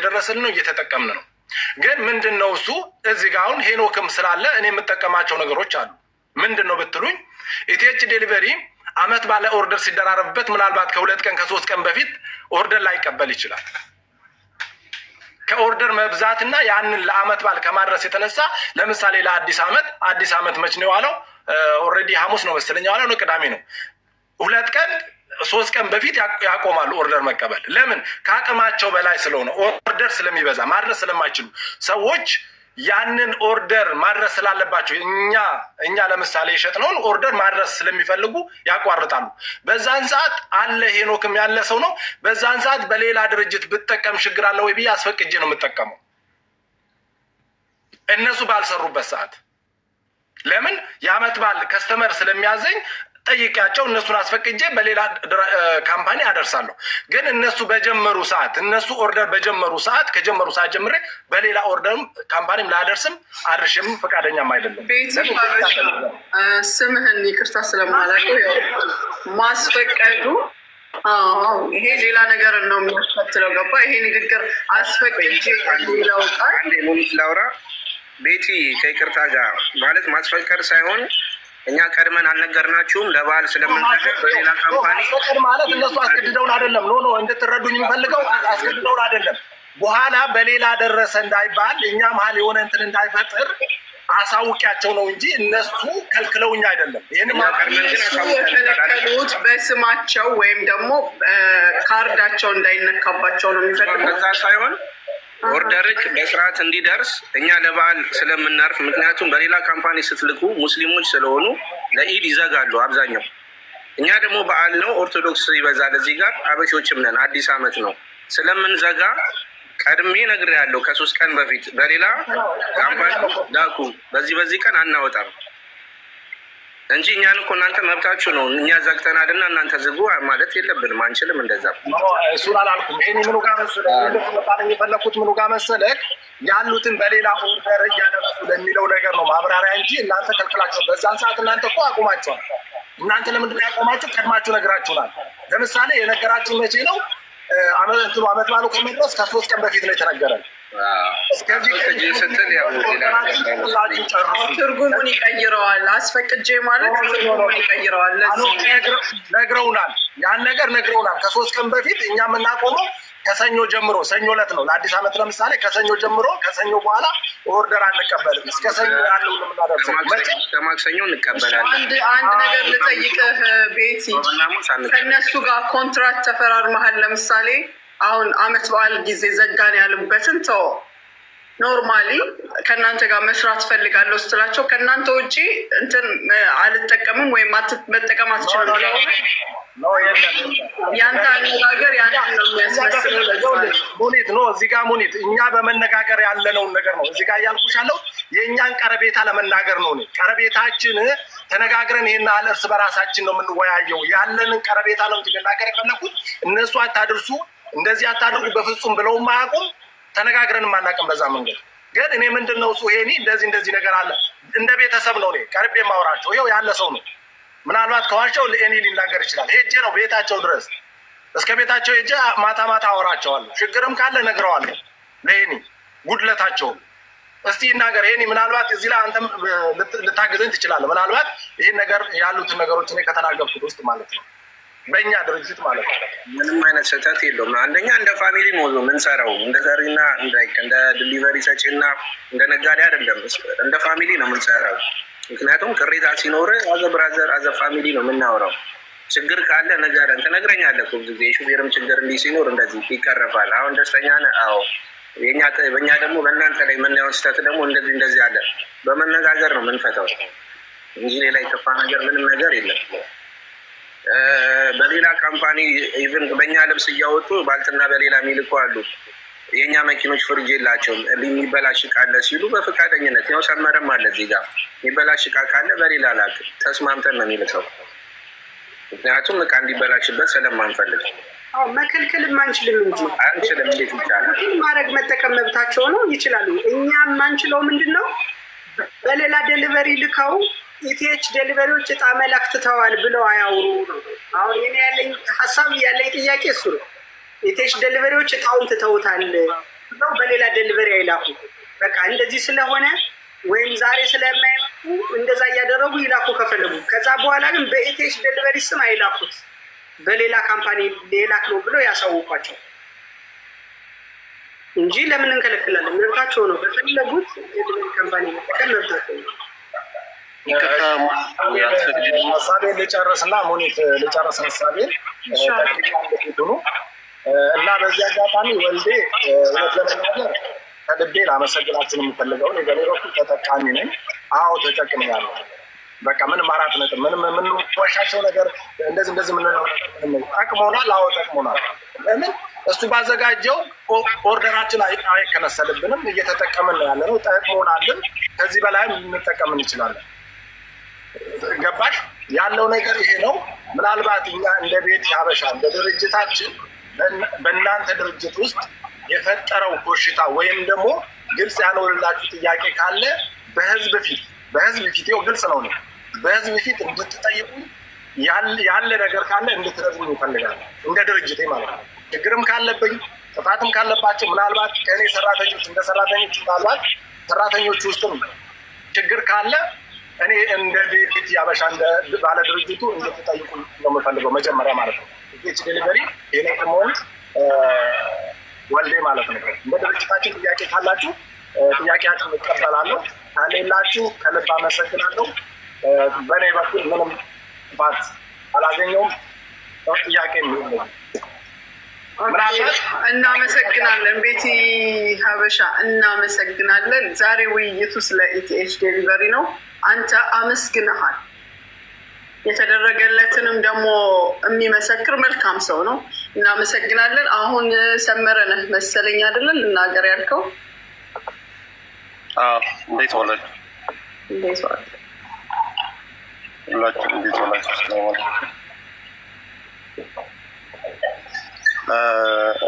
እየደረሰልን ነው፣ እየተጠቀምን ነው። ግን ምንድን ነው እሱ እዚህ ጋ አሁን ሄኖክም ስላለ እኔ የምጠቀማቸው ነገሮች አሉ። ምንድን ነው ብትሉኝ ኢቲኤች ዴሊቨሪ አመት ባለ ኦርደር ሲደራረብበት ምናልባት ከሁለት ቀን ከሶስት ቀን በፊት ኦርደር ላይቀበል ይችላል። ከኦርደር መብዛትና ያንን ለአመት ባል ከማድረስ የተነሳ ለምሳሌ ለአዲስ አመት አዲስ አመት መች ነው የዋለው? ኦልሬዲ ሐሙስ ነው መሰለኝ የዋለው ነው ቅዳሜ ነው ሁለት ቀን ሶስት ቀን በፊት ያቆማሉ ኦርደር መቀበል። ለምን? ከአቅማቸው በላይ ስለሆነ ኦርደር ስለሚበዛ ማድረስ ስለማይችሉ ሰዎች ያንን ኦርደር ማድረስ ስላለባቸው እኛ እኛ ለምሳሌ የሸጥነውን ኦርደር ማድረስ ስለሚፈልጉ ያቋርጣሉ። በዛን ሰዓት አለ ሄኖክም ያለ ሰው ነው። በዛን ሰዓት በሌላ ድርጅት ብጠቀም ችግር አለ ወይ ብዬ አስፈቅጄ ነው የምጠቀመው እነሱ ባልሰሩበት ሰዓት። ለምን የአመት በዓል ከስተመር ስለሚያዘኝ ጠይቂያቸው እነሱን አስፈቅጄ በሌላ ካምፓኒ አደርሳለሁ። ግን እነሱ በጀመሩ ሰዓት እነሱ ኦርደር በጀመሩ ሰዓት ከጀመሩ ሰዓት ጀምሬ በሌላ ኦርደርም ካምፓኒም ላደርስም አድርሽም ፈቃደኛም አይደለም። ስምህን ይቅርታ ስለማላውቀው ማስፈቀዱ ይሄ ሌላ ነገር ነው የሚያስከትለው። ገባ ይሄ ንግግር አስፈቅጄ ሌላው ቃል ላውራ ቤቲ ከይቅርታ ጋር ማለት ማስፈቀድ ሳይሆን እኛ ቀድመን አልነገርናችሁም። ለበዓል ስለምንፈልግ በሌላ ካምፓኒ ማለት እነሱ አስገድደውን አይደለም። ኖ ኖ እንድትረዱኝ የሚፈልገው አስገድደውን አይደለም። በኋላ በሌላ ደረሰ እንዳይባል እኛ መሀል የሆነ እንትን እንዳይፈጥር አሳውቂያቸው ነው እንጂ እነሱ ከልክለውኝ አይደለም። ይህን የከለከሉት በስማቸው ወይም ደግሞ ካርዳቸው እንዳይነካባቸው ነው የሚፈልገው ሳይሆን ኦርደርክ በስርዓት እንዲደርስ እኛ ለበዓል ስለምናርፍ፣ ምክንያቱም በሌላ ካምፓኒ ስትልኩ ሙስሊሞች ስለሆኑ ለኢድ ይዘጋሉ አብዛኛው። እኛ ደግሞ በዓል ነው፣ ኦርቶዶክስ ይበዛል እዚህ ጋር፣ አበሾችም ነን። አዲስ ዓመት ነው ስለምንዘጋ ቀድሜ ያለው ከሶስት ቀን በፊት በሌላ ካምፓኒ ላኩ፣ በዚህ በዚህ ቀን አናወጣም። እንጂ እኛን እኮ እናንተ መብታችሁ ነው። እኛ ዘግተናል እና እናንተ ዝጉ ማለት የለብንም አንችልም። እንደዛ እሱን አላልኩም። ይሄ ምኑ ጋር መሰለህ የፈለኩት ምኑ ጋር መሰለህ ያሉትን በሌላ ኦርደር እያደረሱ ለሚለው ነገር ነው ማብራሪያ እንጂ እናንተ ከልክላቸው። በዛን ሰዓት እናንተ እኮ አቁማቸዋል። እናንተ ለምንድን ያቆማችሁ? ቀድማችሁ ነግራችሁናል። ለምሳሌ የነገራችሁ መቼ ነው? እንትኑ አመት ባሉ ከመድረስ ከሶስት ቀን በፊት ነው የተነገረን። ትርጉሙን ይቀይረዋል። አስፈቅጄ ማለት ትርጉሙን ይቀይረዋል። ነግረውናል፣ ያን ነገር ነግረውናል። ከሶስት ቀን በፊት እኛ የምናቆመው ከሰኞ ጀምሮ ሰኞ ዕለት ነው። ለአዲስ ዓመት ለምሳሌ ከሰኞ ጀምሮ ከሰኞ በኋላ ኦርደር አንቀበልም። እስከ ሰኞ ያለው ከማክሰኞ እንቀበላለን። አንድ ነገር ልጠይቅህ ቤቲ፣ ከእነሱ ጋር ኮንትራት ተፈራርመሃል ለምሳሌ አሁን አመት በዓል ጊዜ ዘጋን ያሉበትን ተው ኖርማሊ ከእናንተ ጋር መስራት ፈልጋለሁ ስትላቸው ከእናንተ ውጭ እንትን አልጠቀምም ወይም መጠቀም አትችልም። ያንተ አነጋገር ያን ሙኒት ኖ እዚህ ጋር ሙኒት፣ እኛ በመነጋገር ያለነውን ነገር ነው እዚህ ጋር እያልኩሽ ያለው የእኛን ቀረቤታ ለመናገር ነው። ቀረቤታችን ተነጋግረን አለ እርስ በራሳችን ነው የምንወያየው። ያለንን ቀረቤታ ነው ልናገር የፈለኩት። እነሱ አታድርሱ እንደዚህ አታድርጉ በፍጹም ብለውም አያውቁም። ተነጋግረንም አናውቅም። በዛ መንገድ ግን እኔ ምንድን ነው እሱ ይሄኒ እንደዚህ እንደዚህ ነገር አለ እንደ ቤተሰብ ነው እኔ ቀርቤ ማውራቸው። ይኸው ያለ ሰው ነው። ምናልባት ከዋቸው ለእኔ ሊናገር ይችላል። ሄጄ ነው ቤታቸው ድረስ እስከ ቤታቸው ሄጄ ማታ ማታ አወራቸዋለሁ። ችግርም ካለ ነግረዋለሁ። ለሄኒ ጉድለታቸው እስቲ ይናገር። ይሄን ምናልባት እዚህ ላይ አንተም ልታግዘኝ ትችላለህ። ምናልባት ይህን ነገር ያሉትን ነገሮች እኔ ከተናገርኩት ውስጥ ማለት ነው በእኛ ድርጅት ማለት ነው። ምንም አይነት ስህተት የለውም። አንደኛ እንደ ፋሚሊ ሞዞ የምንሰራው እንደ ሰሪና እንደ ዲሊቨሪ ሰጪና እንደ ነጋዴ አይደለም፣ እንደ ፋሚሊ ነው የምንሰራው። ምክንያቱም ቅሬታ ሲኖር አዘ ብራዘር አዘ ፋሚሊ ነው የምናውረው። ችግር ካለ ንገረን፣ ትነግረኛለህ እኮ ጊዜ የሹፌርም ችግር እንዲህ ሲኖር እንደዚህ ይቀረፋል። አሁን ደስተኛ ነህ? አዎ። በእኛ ደግሞ በእናንተ ላይ የምናየውን ስህተት ደግሞ እንደዚህ እንደዚህ አለ። በመነጋገር ነው የምንፈተው እንጂ ሌላ የከፋ ነገር ምንም ነገር የለም። በሌላ ካምፓኒ ኢቨን በእኛ ልብስ እያወጡ ባልትና በሌላ የሚልኩ አሉ። የእኛ መኪኖች ፍርጅ የላቸውም። የሚበላሽ እቃ ሲሉ በፈቃደኝነት ያው ሰመረም አለ እዚህ ጋር የሚበላሽ እቃ ካለ በሌላ ላክ ተስማምተን ነው የሚልከው። ምክንያቱም እቃ እንዲበላሽበት ስለማንፈልግ መከልከልም አንችልም እንጂ አንችልም። እንዴት ይቻላል? ማድረግ መጠቀም መብታቸው ነው፣ ይችላሉ። እኛ የማንችለው ምንድን ነው በሌላ ደሊቨሪ ልከው ኢቲኤች ደሊቨሪዎች እጣ መላክ ትተዋል ብለው አያውሩ ነው። አሁን እኔ ያለኝ ሀሳብ ያለኝ ጥያቄ እሱ ነው። ኢቲኤች ደሊቨሪዎች እጣውን ትተውታል ብለው በሌላ ደሊቨሪ አይላኩ። በቃ እንደዚህ ስለሆነ ወይም ዛሬ ስለማይመጡ እንደዛ እያደረጉ ይላኩ ከፈለጉ። ከዛ በኋላ ግን በኢቲኤች ደሊቨሪ ስም አይላኩት፣ በሌላ ካምፓኒ ሌላክ ነው ብለው ያሳውቋቸው እንጂ ለምን እንከለክላለን? መብታቸው ነው። በፈለጉት የደሊቨሪ ካምፓኒ መጠቀም መብታቸው ነው። ሀሳቤን ልጨርስና ሙኒት ልጨርስ ሀሳቤን ሉ እና በዚህ አጋጣሚ ወልዴ እውነት ለመናገር ከልቤ ላመሰግናችን የምፈልገውን በኔ በኩል ተጠቃሚ ነኝ። አዎ ተጠቅም ያለው በቃ ምን አራት ነጥብ ምንም የምንወሻቸው ነገር እንደዚህ እንደዚህ ምን ጠቅሞናል። አዎ ጠቅሞናል። ለምን እሱ ባዘጋጀው ኦርደራችን አይከነሰልብንም፣ እየተጠቀምን ያለ ነው። ጠቅሞናልን። ከዚህ በላይም ልንጠቀም እንችላለን። ገባሽ? ያለው ነገር ይሄ ነው። ምናልባት እኛ እንደ ቤት ያበሻ እንደ ድርጅታችን በእናንተ ድርጅት ውስጥ የፈጠረው ኮሽታ ወይም ደግሞ ግልጽ ያልሆነላችሁ ጥያቄ ካለ በህዝብ ፊት በህዝብ ፊት ው ግልጽ ነው ነው በህዝብ ፊት እንድትጠይቁ ያለ ነገር ካለ እንድትረዝሙ ይፈልጋል። እንደ ድርጅቴ ማለት ነው። ችግርም ካለብኝ ጥፋትም ካለባቸው ምናልባት ከእኔ ሰራተኞች እንደ ሰራተኞች ምናልባት ሰራተኞች ውስጥም ችግር ካለ እኔ እንደ ቤት ያበሻ እንደ ባለ ድርጅቱ እንድትጠይቁ ነው የምፈልገው፣ መጀመሪያ ማለት ነው። ቤች ዴሊቨሪ የኔ ወልዴ ማለት ነው። እንደ ድርጅታችን ጥያቄ ካላችሁ ጥያቄያችን እቀበላለሁ፣ ከሌላችሁ ከልብ አመሰግናለሁ። በእኔ በኩል ምንም ባት አላገኘውም ጥያቄ የሚሆ እናመሰግናለን። ቤቲ ሀበሻ እናመሰግናለን። ዛሬ ውይይቱ ስለ ኢቲኤች ዴሊቨሪ ነው። አንተ አመስግንሃል። የተደረገለትንም ደግሞ የሚመሰክር መልካም ሰው ነው። እናመሰግናለን። አሁን ሰመረ ነህ መሰለኝ አይደለን? ልናገር ያልከው እንዴት ዋላችሁ? እንዴት ዋላችሁ? ሁላችሁ እንዴት ዋላችሁ?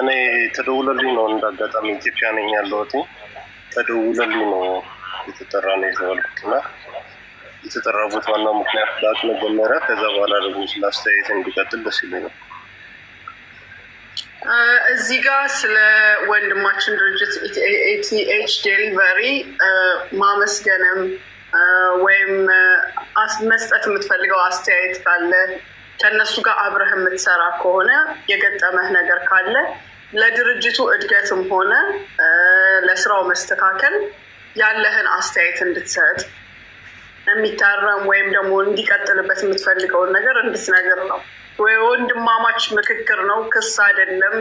እኔ ተደውለልኝ ነው እንዳጋጣሚ ኢትዮጵያ ነኝ ያለሁት። ተደውለልኝ ነው የተጠራ ነው የተባልኩት እና የተጠራሁት ዋናው ምክንያት በአቅ መጀመሪያ፣ ከዛ በኋላ ደግሞ ስለ አስተያየት እንዲቀጥል ደስ ይለኛል። እዚህ ጋር ስለ ወንድማችን ድርጅት ኢቲኤች ዴሊቨሪ ማመስገንም ወይም መስጠት የምትፈልገው አስተያየት ካለ ከእነሱ ጋር አብረህ የምትሰራ ከሆነ የገጠመህ ነገር ካለ ለድርጅቱ እድገትም ሆነ ለስራው መስተካከል ያለህን አስተያየት እንድትሰጥ የሚታረም ወይም ደግሞ እንዲቀጥልበት የምትፈልገውን ነገር እንድትነግር ነው። ወንድማማች ምክክር ነው። ክስ አይደለም፣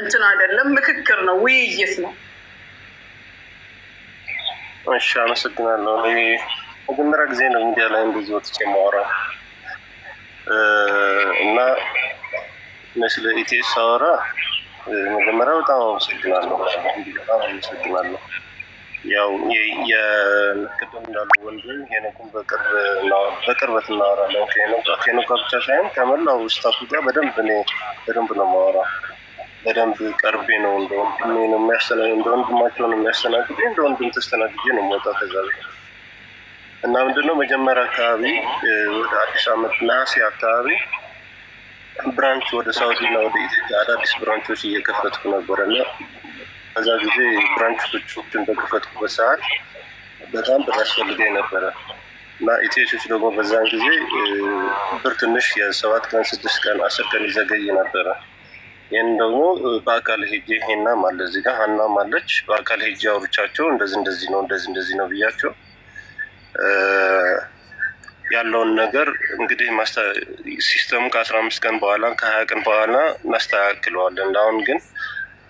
እንትን አይደለም፣ ምክክር ነው፣ ውይይት ነው። እሺ፣ አመሰግናለሁ። መጀመሪያ ጊዜ ነው ሚዲያ ላይ እንደዚህ ወጥቼ የማወራው። እና ስለ ኢቴስ አወራ መጀመሪያ በጣም አመሰግናለሁ፣ በጣም አመሰግናለሁ። ያው የቅድም እንዳለ ወንድም ሄኖክን በቅርበት እናወራለን። ከሄኖክ ብቻ ሳይሆን ከመላው ስታፉ ጋር በደንብ እኔ በደንብ ነው ማወራ በደንብ ቀርቤ ነው እንደ ወንድሜ ነው የሚያስተናግ እንደ ወንድማቸው ነው የሚያስተናግድ እንደ ወንድም ተስተናግጄ ነው የምወጣው ከዛ ቤት እና ምንድነው መጀመሪያ አካባቢ ወደ አዲስ አመት ነሐሴ አካባቢ ብራንች ወደ ሳውዲ እና ወደ ኢትዮጵያ አዳዲስ ብራንቾች እየከፈትኩ ነበረ እና በዛ ጊዜ ብራንቾችን በከፈትኩበት ሰዓት በጣም ብር ነበረ እና ኢትዮሾች ደግሞ በዛን ጊዜ ብር ትንሽ የሰባት ቀን ስድስት ቀን አስር ቀን ይዘገይ ነበረ። ይህን ደግሞ በአካል ሄጄ ሄና አለ እዚህ ጋር ሀናም አለች በአካል ሄጄ አውርቻቸው እንደዚህ እንደዚህ ነው እንደዚህ እንደዚህ ነው ብያቸው ያለውን ነገር እንግዲህ ሲስተሙ ከአስራ አምስት ቀን በኋላ ከሀያ ቀን በኋላ እናስተካክለዋለን። አሁን ግን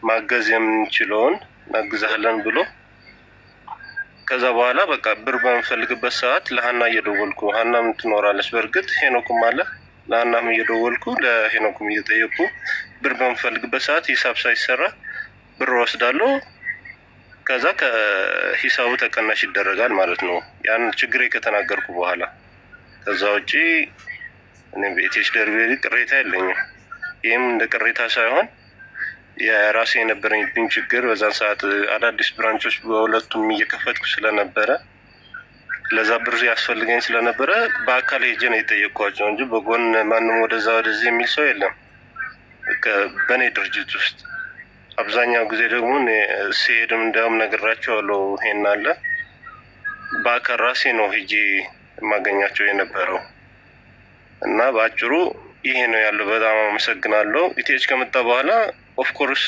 ማገዝ የምንችለውን እናግዛለን ብሎ ከዛ በኋላ በቃ ብር በምፈልግበት ሰዓት ለሀና እየደወልኩ ሀናም ትኖራለች። በእርግጥ ሄኖኩም አለ። ለሀናም እየደወልኩ ለሄኖኩም እየጠየቁ ብር በምፈልግበት ሰዓት ሂሳብ ሳይሰራ ብር ወስዳለሁ። ከዛ ከሂሳቡ ተቀናሽ ይደረጋል ማለት ነው። ያን ችግሬ ከተናገርኩ በኋላ ከዛ ውጪ ቤቴች ደርቤ ቅሬታ የለኝም። ይህም እንደ ቅሬታ ሳይሆን የራሴ የነበረኝብኝ ችግር በዛን ሰዓት አዳዲስ ብራንቾች በሁለቱም እየከፈትኩ ስለነበረ ለዛ ብር ያስፈልገኝ ስለነበረ በአካል ሄጄ ነው የጠየቅኳቸው እንጂ በጎን ማንም ወደዛ ወደዚህ የሚል ሰው የለም በእኔ ድርጅት ውስጥ አብዛኛው ጊዜ ደግሞ ሲሄድም እንዲያውም ነግራቸዋለሁ። ይሄን አለ በአቀራሴ ነው ሂጂ የማገኛቸው የነበረው እና በአጭሩ ይሄ ነው ያለው። በጣም አመሰግናለሁ። ኢቴች ከመጣ በኋላ ኦፍኮርስ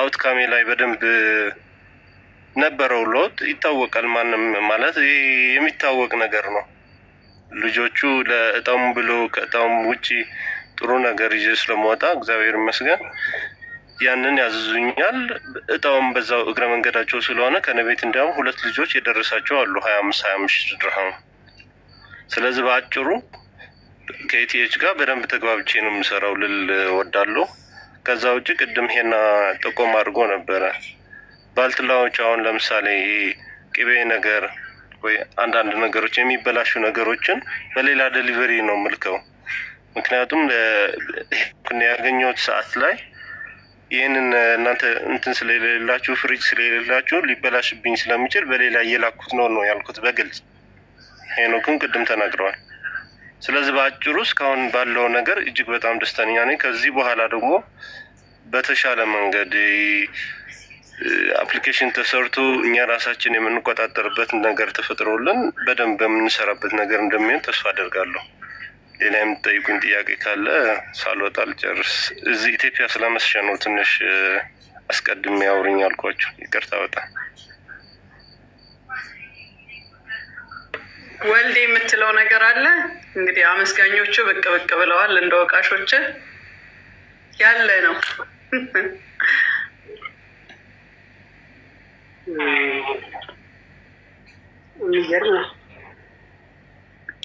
አውትካሜ ላይ በደንብ ነበረው ለውጥ ይታወቃል። ማንም ማለት የሚታወቅ ነገር ነው። ልጆቹ ለእጣሙ ብሎ ከእጣሙ ውጭ ጥሩ ነገር ይዤ ስለመወጣ እግዚአብሔር ይመስገን። ያንን ያዝዙኛል። እጣውም በዛው እግረ መንገዳቸው ስለሆነ ከነቤት እንዲያውም ሁለት ልጆች የደረሳቸው አሉ ሀያ አምስት ሀያ አምስት ድርሃም። ስለዚህ በአጭሩ ከኢቲኤች ጋር በደንብ ተግባብቼ ነው የምሰራው ልል ወዳለሁ። ከዛ ውጭ ቅድም ሄና ጥቆም አድርጎ ነበረ ባልትላዎች አሁን ለምሳሌ ቅቤ ነገር ወይ አንዳንድ ነገሮች የሚበላሹ ነገሮችን በሌላ ደሊቨሪ ነው ምልከው ምክንያቱም ያገኘሁት ሰዓት ላይ ይህንን እናንተ እንትን ስለሌላችሁ ፍሪጅ ስለሌላችሁ ሊበላሽብኝ ስለሚችል በሌላ እየላኩት ነው ነው ያልኩት በግልጽ ሄኖክን ቅድም ተናግረዋል። ስለዚህ በአጭሩ እስካሁን ባለው ነገር እጅግ በጣም ደስተኛ ነኝ። ከዚህ በኋላ ደግሞ በተሻለ መንገድ አፕሊኬሽን ተሰርቶ እኛ ራሳችን የምንቆጣጠርበት ነገር ተፈጥሮልን በደንብ በምንሰራበት ነገር እንደሚሆን ተስፋ አደርጋለሁ። ሌላ የምትጠይቁኝ ጥያቄ ካለ ሳልወጣ ልጨርስ። እዚህ ኢትዮጵያ ስለመስሸ ነው ትንሽ አስቀድሜ ያውሩኝ አልኳቸው። ይቅርታ በጣም ወልድ የምትለው ነገር አለ። እንግዲህ አመስጋኞቹ ብቅ ብቅ ብለዋል። እንደ ወቃሾች ያለ ነው። የሚገርም ነው።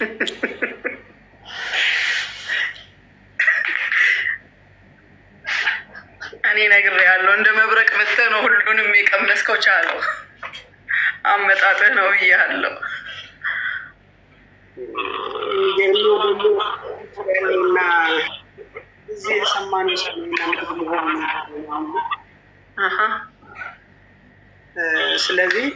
እኔ ነግሬሃለሁ። እንደ መብረቅ መጥተህ ነው ሁሉንም የቀመስከው። ቻለው አመጣጥህ ነው ብያለሁ። ስለዚህ